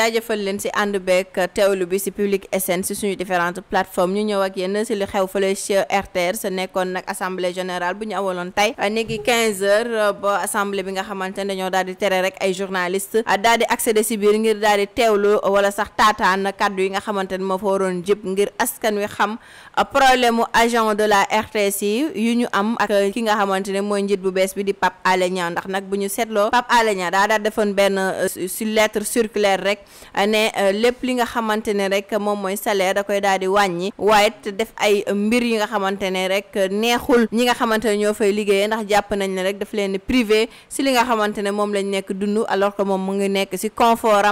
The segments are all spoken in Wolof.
jaajëfal leen si ànd beeg teewlu bi si Public SN si suñu différentes plateformes ñu ñëw ak yéen si li xew fële ci RTR sa nekkoon nag assemblée générale bu ñu awaloon tey négi ki 15 heures euh, ba assemblée bi nga xamante ne dañoo daal di tere rek ay journalistes euh, daal di accéder si biir ngir daal di teewlu euh, wala sax taataan kaddu yi nga xamante ne moo fa waroon jëp ngir askan wi xam problème mu agent de la RTC yu ñu am ak ki nga xamante ne mooy bu bees bi di Pape Alenia ndax nag bu ñu seetloo Pape Alenia Niang daa daal defoon benn si lettre circulaire rek ne euh, lépp li nga xamante ne rek moom mooy salaire da koy daal di wàññi waaye it def ay mbir yi nga xamante ne rek neexul ñi nga xamante ne ñoo fay liggéeyee ndax jàpp nañ ne rek daf leen privé si li nga xamante ne moom lañ nekk dund alors que moom mu ngi nekk si confort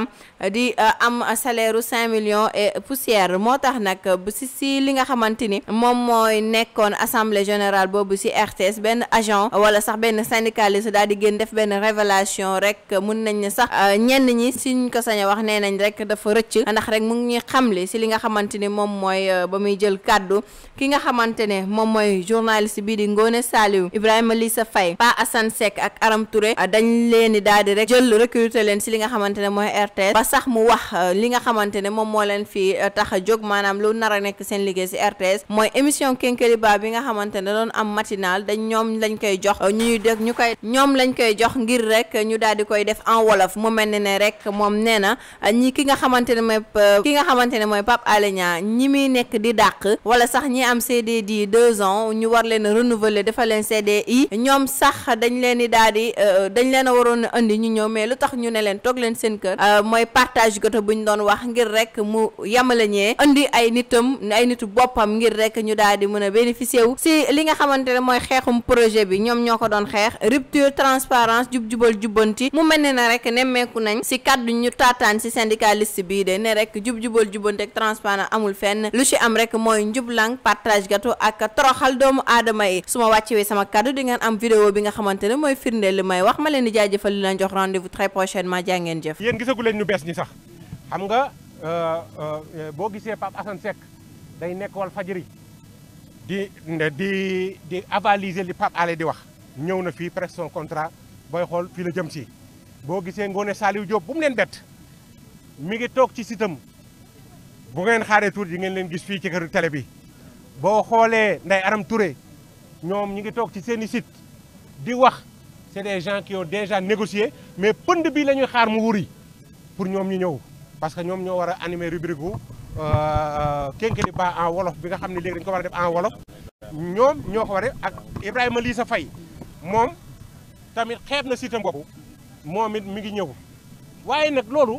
euh, di euh, am salaire cinq millions et poussière moo tax nag bu si si li nga xamante ni moom mooy nekkoon assemblée générale boobu si RTS benn agent wala sax benn syndicaliste daal di gën def benn révélation rek mun nañ ne sax ñenn ñi siñ ko sañ wax wax nee nañ rek dafa rëcc ndax rek mu ngi xam xamle si li nga xamante ni moom mooy euh, ba muy jël kàddu ki nga xamante ne moom mooy journaliste bii di ngoone Saliou Ibrahima Lissa Faye Pa Assane Seck ak Aram Touré euh, dañ leen di daal di rek jël recruter leen si li nga xamante ne mooy RTS sax mu wax euh, li nga xamante ne moom moo leen fii tax a jóg maanaam lu nar a nekk seen liggéey si RTS mooy émission Kenkeliba bi nga xamante ne doon am matinal dañ ñoom lañ koy jox ñuy dégg ñu koy ñoom lañ koy jox ngir rek ñu daal di koy def en wolof mu mel ne ne rek moom nee na Euh, ñi ki nga xamante ne mooy euh, ki nga xamante ne mooy Pape Alé Niang ñi muy nekk di dàq wala sax ñi am di deux ans ñu war leen renouveler dafa leen i ñoom sax dañ leen di daal di euh, dañ leen a waroon a indi ñu ñëw mais lu tax ñu ne leen toog leen seen kër mooy partage goto bu ñu doon wax ngir rek mu yamale ñee indi ay nitam ay nitu boppam ngir rek ñu daal di mën a bénéficier wu si li nga xamante mooy xeexum projet bi ñoom ñoo ko doon xeex rupture transparence jub jubal jubbanti mu mel waxtaan si syndicaliste bi de ne rek jub-jubal jubantek transparent amul fenn lu ci am rek moy mooy lang partage gato ak toroxal doomu adama yi suma ma wàccewee sama cadeau di ngeen am vidéo bi nga xamantene moy mooy li may wax ma leni jajeufal li lan jox rendez-vous très prochainement jangene jeuf yeen gisagu leen ñu bes ni sax xam nga euh euh, euh bo gisee pap Assane sek day nekk wal fajiri di di di avaliser li pap ale di wax ñëw na fii presque son contrat boy xol fi la jëm ci bo gisee ngone saliw job bu mu len bet mi ngi toog ci sitam bu ngeen xare tour yi ngeen len gis fi ci kër télé bi bo xolé nday aram Touré ñom ñi ngi tok ci seen site di wax c'est des gens qui ont déjà négocié mais pënd bi lañuy xaar mu wuri pour ñom ñu ñew parce que ñom ñoo wara animer rubrique euh gu euh, ba en wolof bi nga xamni légui léegi ko wara def en wolof ñoom ñoo ko war ak Ibrahima Lissa Fay mom tamit xeeb na sitam boobu moom mi ngi ñew waaye nak lolu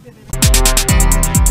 Música